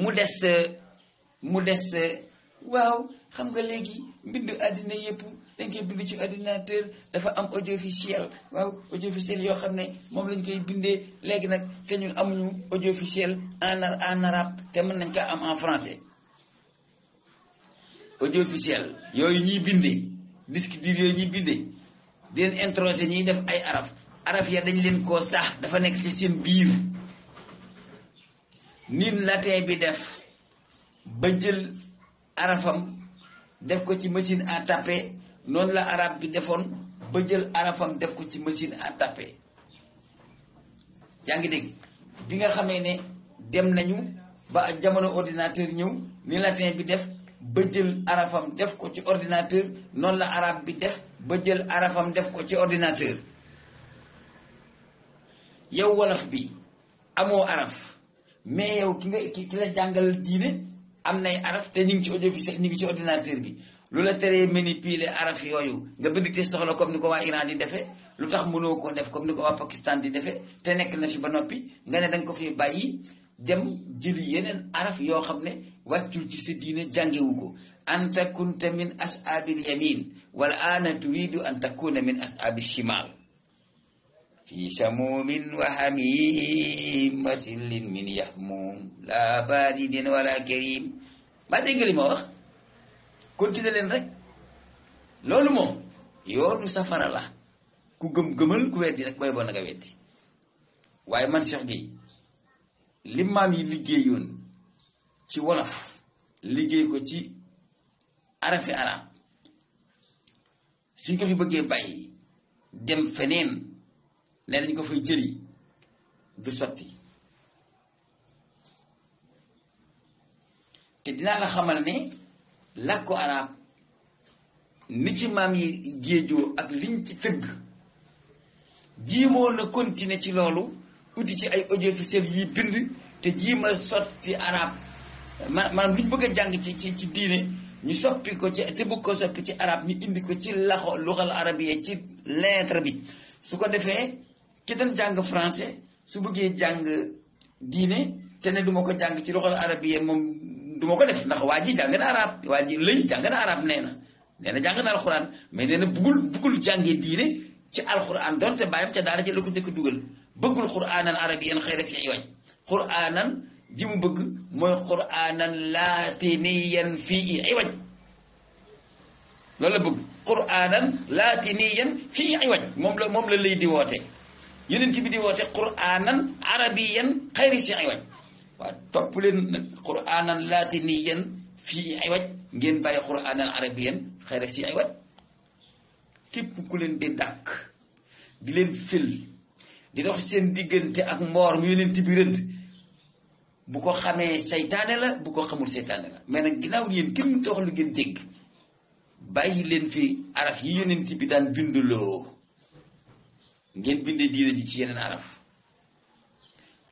mu des mu des waaw xam nga léegi mbind àddina yëpp dañ koy bind ci ordinateur dafa am audiovisuel waaw audiovisuel yoo xam ne moom lañ koy bindee léegi nag te ñun amuñu audiovisuel en en te mën nañ ko am en français audiovisuel yooyu ñuy bindee disque dur yooyu ñuy bindee di leen introsé ñuy def ay arab araf ya dañ leen koo sax dafa nekk ci seen biir nit latin bi def ba jël arafam def ko ci machine à taper noonu la arab bi defoon ba jël arafam def ko ci machine à taper yaa ngi dégg bi nga xamee ne dem nañu ba jamono ordinateur ñëw ni latin bi def ba jël arafam def ko ci ordinateur noonu la arab bi def ba jël arafam def ko ci ordinateur yow wolof bi amoo araf mais yow ki nga ki ki la jàngal diine am na nay araf te ñu ngi ci audiovisuel ñu ngi ci ordinateur bi lu la teree manipuler araf yooyu nga bëgg te soxla comme ni ko waa Iran di defee lu tax mënoo ko def kom ni ko waa Pakistan di defee te nekk na fi ba noppi nga ne danga ko fi bàyyi dem jëli yeneen araf yoo xam ne wàccul ci sa diine jàngewu ko anta kunta min ashaabil yamin wala ana du an takuna min ashaabil shimal في شموم وحميم وسل من يحموم لا بارد ولا كريم ma dégg li ma wax continuer leen rek loolu moom yoonu safara la ku gëm-gëmal ku weddi rek bay boo nga weddi waaye man Cheikh Gueye li yi liggéeyoon ci wolof liggéey ko ci arafi arab suñ ko fi bëggee bay dem feneen nee nañ ko fay jëli du sotti te dinaa la xamal ne làkku arab ni ci maam yi géejoo ak liñ ci tëgg jiimoo na continuer ci loolu uti ci ay audiovisuel yi bind te jiima sotti ma maanaam liñ bëgg a jàng ci ci ci diine ñu soppi ko ci te bëgg ko soppi ci arab ñu indi ko ci laxo luxal arabiya ci lettre bi su ko defee ki doon jàng français su bëggee jàng diine te ne du ma ko jàng ci loxol arabiya moom du duma ko def ndax waa ji jàng na arab waa ji lëy jàng na arab nee na nee na jàng alxuraan mais nee na bugul bugul jàngee diine ci alxuraan donte bàyyam ca daara ci la ko njëkk dugal bëggul xuraanan arabiyan xëy na si wañ xuraanan ji mu bëgg mooy xuraanan laatiniyan fii ay wañ loolu la bëgg xuraanan laatiniyan fii ay wañ moom la moom la lay di woote yonent bi di woote quraanan arabiyan xayri si iwaj waaw topp leen nag quraanan laatiniyan fii iwaj ngeen bàyyi quraanan arabiyan xayri si iwaj képp ku leen di dàkk di leen fil di dox seen diggante ak mboor mu yonent bi rëdd bu ko xamee seytaane la bu ko xamul seytaane la mais nag ginnaaw yéen kenn mënut a wax lu ngeen dégg bàyyi leen fi araf yi yonent bi daan binduloo ngeen bindee diine ji ci yeneen araf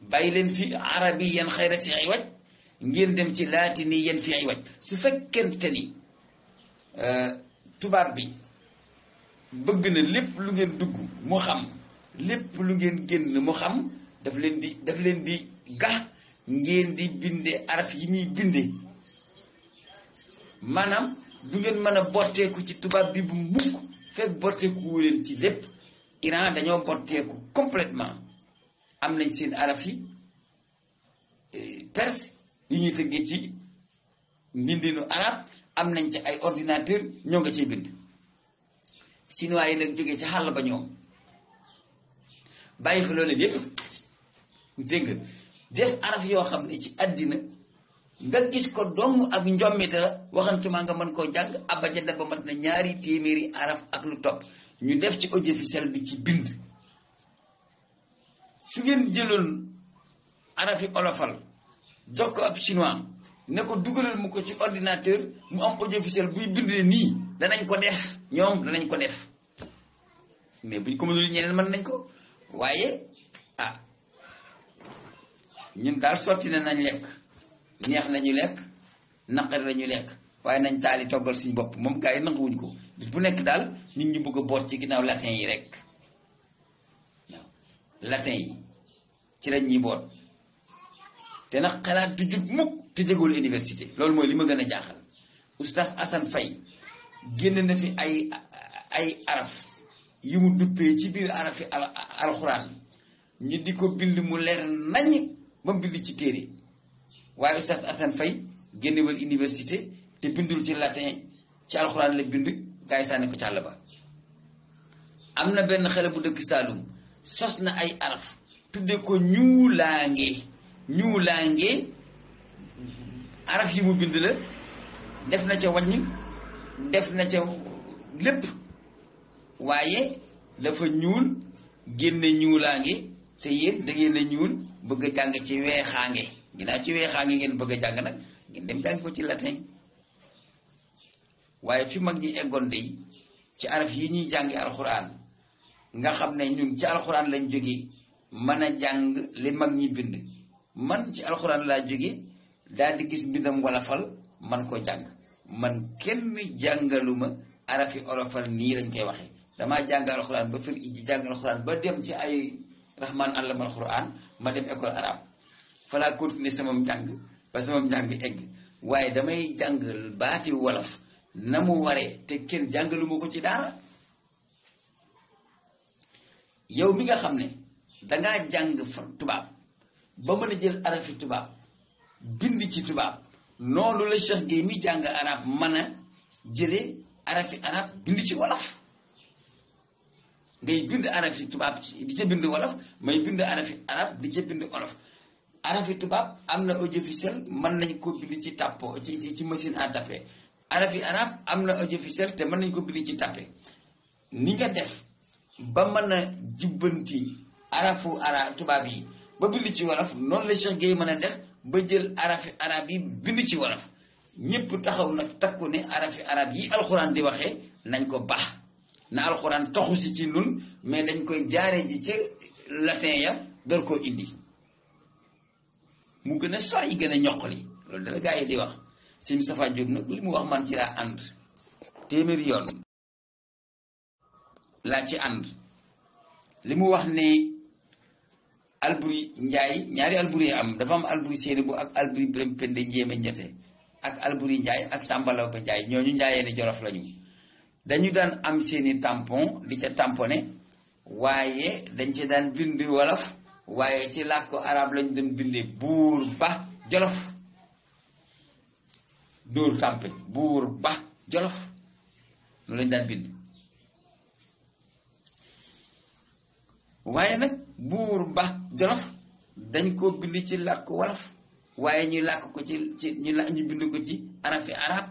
bàyyi leen fi arabi yan xayra si iwaj ngeen dem ci laatini yan fi iwaj su fekkente ni euh, tubaab bi bëgg na lépp lu ngeen dugg mu xam lépp lu ngeen génn mu xam daf leen di daf leen di gax ngeen di bindee araf yi muy binde maanaam du ngeen mën a borteeku ci tubaab bi bu mukk fekk borteeku leen ci lépp Iran dañoo botteeku complètement am nañ siin araf yi eh, perse yu ñuy tëggee ci mbindinu arab am nañ ci ay ordinateur ñoo nga ciy bind chinois yi nag jógee ci xàll ba ñoom bàyyi fa loolu yépp dégg def araf yoo xam ne ci àddina nga gis ko dong ak njommite la waxantuma nga mën koo jàng abajada ba mat na ñaari téeméeri araf ak lu topp ñu def ci audiovisuel bi ci bind su ngeen jëloon arafi olofal jox ko ab chinois ne ko dugalal mu ko ci ordinateur mu am audiovisuel buy bindee nii danañ ko def ñoom danañ ko def mais buñ ko mënul ñeneen mën nañ ko waaye ah ñun daal sotti na nañ lekk neex nañu lekk naqari lañu lekk waaye nañ taali toggal suñu bopp moom gars yi nanguwuñ ko bis bu nekk daal nit ñi bëgg a boot ci ginnaaw latin yi rek latin yi ci lañ ñuy boot te nag xalaat du jut mukk te jegul université loolu mooy li ma gën a jaaxal oustaz Assane fay génn na fi ay ay araf yi mu duppee ci biir arafi alxuraan ñu di ko bind mu leer nañ ba mu ci téere waaye oustaz Assane Faye génnewal université te bindul ci latin ci alxuraan la bind gaa yi sànni ko ci ba am na benn xele bu dëkk Saalum sos na ay araf tudde ko ñuulaange ñuulaange araf yi mu bind la def na ca wàññ def na ca lépp waaye dafa ñuul génne ñuulaange te yéen da ngeen a ñuul bëgg a jàng ci weexaange ginnaaw ci weexaange ngeen bëgg a jàng nag ngeen dem jàng ko ci latin waaye fi mag ñi eggoon day ci araf yi ñuy jàngi alxuraan nga xam ne ñun ci alxuraan lañ jóge man a jàng li mag ñi bind man ci alxuraan laa jóge daal di gis mbindam wala fal man ko jàng man kenn jàngaluma arafi olofal nii lañ koy waxe damaa jàng alxuraan ba fir ji ba dem ci ay rahman allama alxuraan ma dem école arabe falaa sama samam njàng ba samam njàng egg waaye damay jàng baati wolof na mu waree te kenn jàngaluma ko ci daara yow mi nga xam ne danga jàng fa tubaab ba mën a jël arafi tubaab bind ci tubaab noonu la Cheikh Gueye mi jàng arab mën a jëlee arafi arab bind ci wolof ngay bind arafi tubaab di ca bind wolof may bind arafi arab di ca bind wolof arafi tubaab am na audiovisuel mën nañ ko bind ci tàppo ci ci machine à araf yi arab am na ajo audiovisuel te mën nañ ko bind ci tàppe ni nga def ba mën a jubbanti arafu arab tubaab yi ba bind ci wolof noonu la Cheikh Gueye mën def ba jël arafi arab yi bind ci wolof ñëpp taxaw nag takku ne arafi arab yi alxuraan di waxee nañ ko baax na alxuraan taxu si ci nun mais dañ koy jaare ji ci latin ya door koo indi mu gën a yi gën a ñoqali loolu dala gaa yi di wax si Moustapha Diop nag li mu wax man ci laa ànd téeméeri yoon laa ci ànd li mu wax ne Alboury njaay ñaari Alboury am dafa am Alboury Seynabou ak Alboury Birame Pende Ndiémé Ndiaté ak Alboury njaay ak Samba Laobé Ndiaye ñooñu Ndiaye ni Jolof lañu dañu daan am seeni tampon di ca tamponné waaye dañ ci daan bind wolof waaye ci làkku arab lañ doon bindee buur ba Jolof dóor tàmpe buur ba jolof loolu lañu daan bind waaye nag buur ba jolof dañ koo bind ci làkk wolof waaye ñu làkk ko ci ci ñu la ñu bind ko ci arab fi arab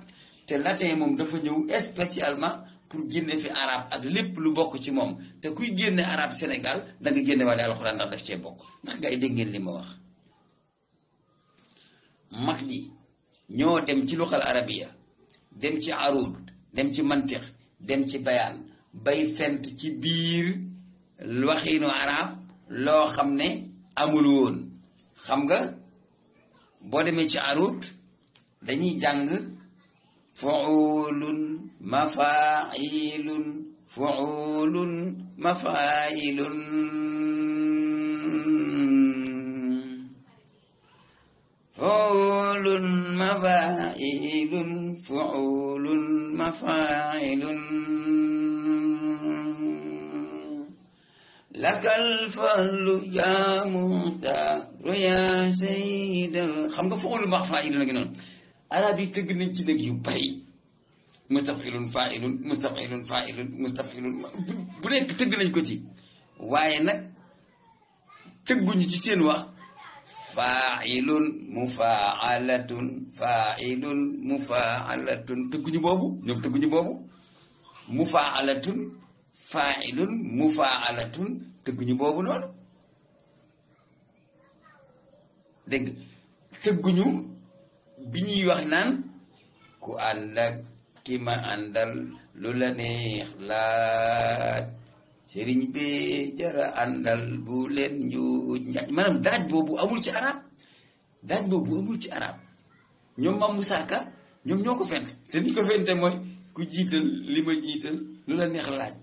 te latin moom dafa ñëw spécialement pour génne fi arab ak lépp lu bokk ci moom te kuy génne arab Sénégal da nga génne wàlle alxuraan ndax def cee bokk ndax ngay dégg li ma wax mag ji ñoo dem ci luxal arabiya dem ci arud dem ci mantiq dem ci bayaan bay fent ci biir waxiinu arab loo xam ne amul woon xam nga boo demee ci arut dañuy jàng fuulun mafailun fuulun mafailun فاعل فعول مفاعل لك الفضل يا مختار يا سيد xam nga fa'ul mafa'il la gënoon arab yi tëgg nañ ci dëgg yu bari mustaf'ilun fa'ilun mustaf'ilun fa'ilun mustaf'ilun bu tëgg nañ ko ci waaye nag tëgguñu ci seen wax failun mufaalatun failun mufaalatun tëgguñu boobu ñoom tëgguñu boobu mufaalatun failun mufaalatun tëgguñu boobu noonu dégg tëgguñu bi ñuy wax naan ku ànd ak ki ma àndal lu la neex laaj sëriñ bi jara àndal bu leen njuuj njaaj maanaam daaj boobu amul ci arab daaj boobu amul ci arab ñoom Mame Moussa Ka ñoom ñoo ko fent te ni ko fente mooy ku jiital li ma jiital lu la neex laaj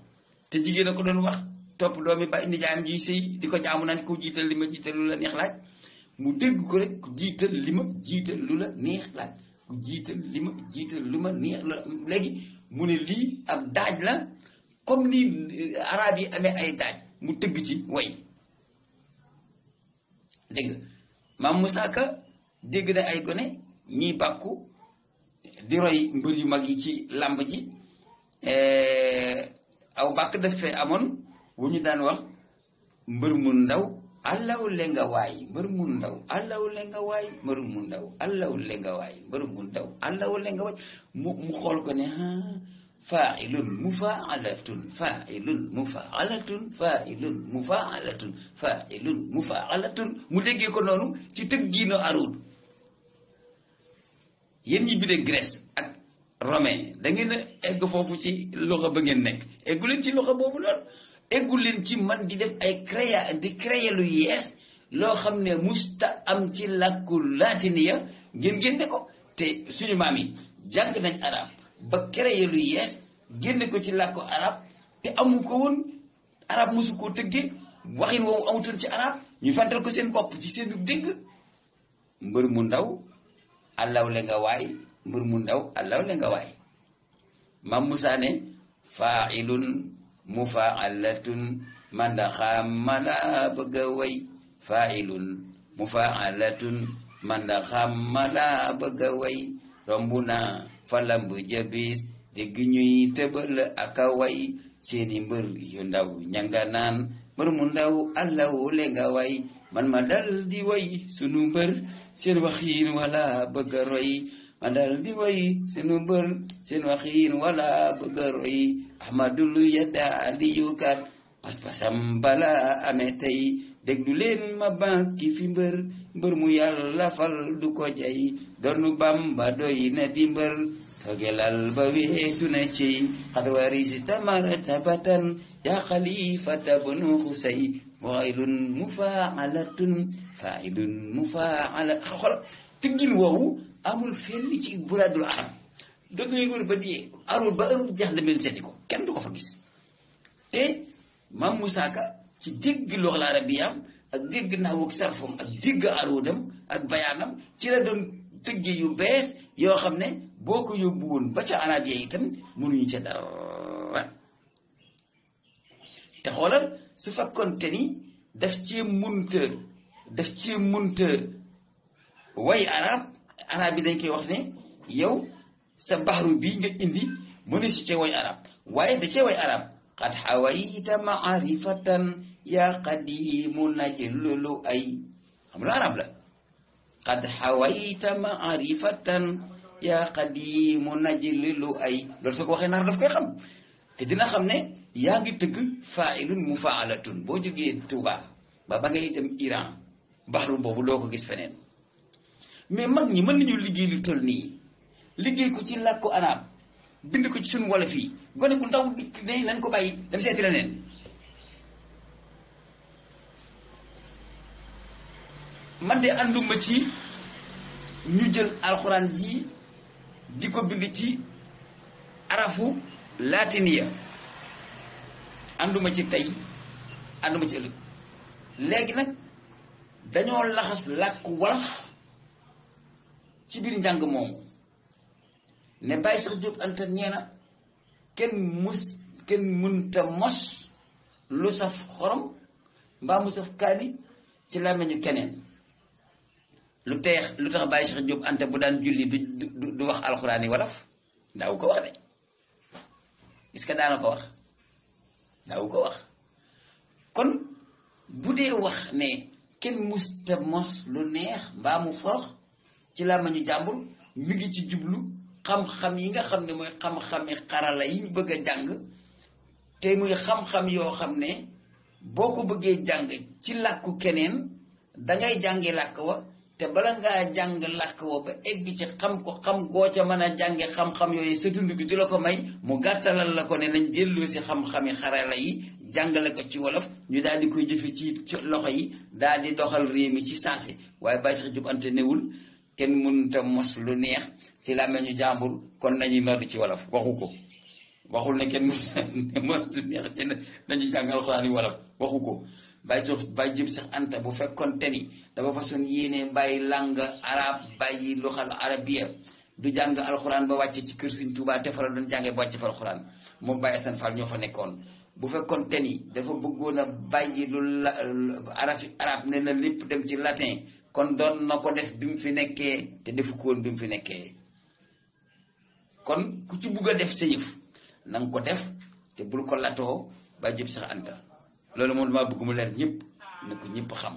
te jigéen a ko doon wax topp doomi ba indi jaam yuy di ko jaamu naan ku jiital li ma jiital lu la neex laaj mu dégg ko rek ku jiital li ma jiital lu la neex laaj ku jiital lima jiital lu ma neex la léegi mu ne lii ab daaj la comme ni euh, arab yi amee ay daaj mu tëgg ci way dégg nga maam Moussa Ka dégg na ay gone ñiy bàkku di roy mbër yu mag yi ci làmb ji eh, aw bàkk daf fee amoon wu ñu daan wax mbër mu ndaw allaw le nga waay mbër mu ndaw allaw le nga waay mbër mu ndaw allaw le nga waay mbër mu ndaw xool ko ne ah, faailun mufaalatun faailun mufaalatun faailun mufaalatun faailun mufaalatun mu déggee ko noonu ci tëggiinu aruud yéen ñi bindee Grèce ak romain da egg foofu ci loxo ba ngeen nekk eggu leen ci loxo boobu lool eggu leen ci man di def ay créa di créer yees loo xam ne musta am ci làkku laatiniya ngeen génne ko te suñu maam yi jàng nañ arab ba créer lu yees génne ko ci làkku arab te amu ko woon arab mosu koo tëggee waxin woowu amutoon ci arab ñu fantal ko seen bopp ci seen dégg mbër mu ndaw allaw le nga waay mbër mu ndaw allaw le nga waay maam Moussa ne faailun mufaalatun man da xaama laa bëgg a way faailun mufaalatun man da xaama laa bëgg a way romb naa fa lamb jabis ñuy tëbal aka way seeni mbër yu ndaw ñanga naan mbër mu ndaw allawu le nga way man ma dal way sunu mbër seen waxiin wala bëgg roy ma dal way sunu mbër seen waxiin wala bëgg roy ahmadul yadda aliyu pas-pasam bala amee tey déglu leen ma bànki fi mbër mbër mu yàlla fal du ko doonu Bamba doy na dimbal kagelal ba weesu na ci xarwari si tamara tabatan yaa xalifata banu xusay wailun mufaalatun failun mufaala xol piggin woowu amul fenn ci buraadul arab da ngay wër ba diyee arul ba arul jeex demel seeti ko kenn du ko fa gis te maam Moussa Ka ci dégg loxol arabiyaam ak dégg naawuk sarfam ak dégg aruudam ak bayaanam ci la doon tëgge yu bees yoo xam ne boo ko yóbbu ba ca arab yi itam mënuñu ca dara te xoolal su fekkoonte ni daf cee munta daf cee munta way arab arab yi dañ koy wax ne yow sa baxru bii nga indi mënu si ca way arab waaye da cee way arab qad xawayta maarifatan yaa qadimu najlulu ay xam lu arab la qad xawayta maarifatan yaa qadimu najli lu ay loolu soo ko waxee naar daf koy xam te dina xam ne yaa ngi tëgg failun mufaalatun boo jógee Touba ba ba ngay dem Iran baxru boobu doo ko gis feneen mais mag ñi mën nañu liggéey lu toll nii liggéey ku ci làkku arab bind ko ci suñu wolof yi gone ku ndaw day nañ ko bàyyi dem seeti man de ànduma ci ñu jël alxuraan ji di ko bind ci arafu latiniya ànduma ci tey ànduma ci ëllëg léegi nag dañoo laxas làkk wolof ci biir njàng moomu ne bàyyi sax jóob anta ñee na kenn mus kenn mënta mos lu saf xorom mbaa mu saf kaani ci làmmiñu keneen lu teex lu tax Baye Cheikh Diop Anta bu daan julli du du wax alxuraan yi wolof daawu ko wax de est-ce que daana ko wax ko wax kon bu dee wax ne kenn musta mos lu neex mbaa mu forox ci làmmiñu jàmbur mi ci jublu xam-xam yi nga xam ne mooy xam-xami xarala yi ñu bëgg a jàng te muy xam-xam yoo xam ne boo ko bëggee jàng ci làkku keneen dangay jàngi làkk wa te bala ngaa jàng làkk woo ba egg ci xam ko xam goo ca mën a jànge xam-xam yooyu sa dund di la ko may mu gàttalal la ko ne nañ delloo si xam-xami xarala yi jàngale ko ci wolof ñu daal di koy jëfe ci loxo yi daal di doxal réew mi ci saasi waaye bàyyi sax jub ante newul kenn mënuta mos lu neex ci làmmeñu jàmbur kon nañuy merdu ci wolof waxu ko waxul ne kenn mos lu neex ci nañu jàngal xuraan yi wolof waxu ko bàyyi suuf bàyyi jub sax anta bu fekkoon te ni dafa façon yéene bàyyi langue arabe bàyyi loxal arabiya du jàng alxuraan ba wàcce ci kër Sëriñ Tuubaa te fa la doon jàngee ba wàcce fa alxuraan moom Baye Assane Fall ñoo fa nekkoon bu fekkoon te dafa bëggoon a bàyyi lu la arafi arab ne na lépp dem ci latin kon doon na ko def bi mu fi nekkee te defu ko woon bi mu fi nekkee kon ku ci bugg a def sa yëf ko def te bul ko latoo ba jub sax anta loolu moom damaa bëgg leer ñëpp na ko ñëpp xam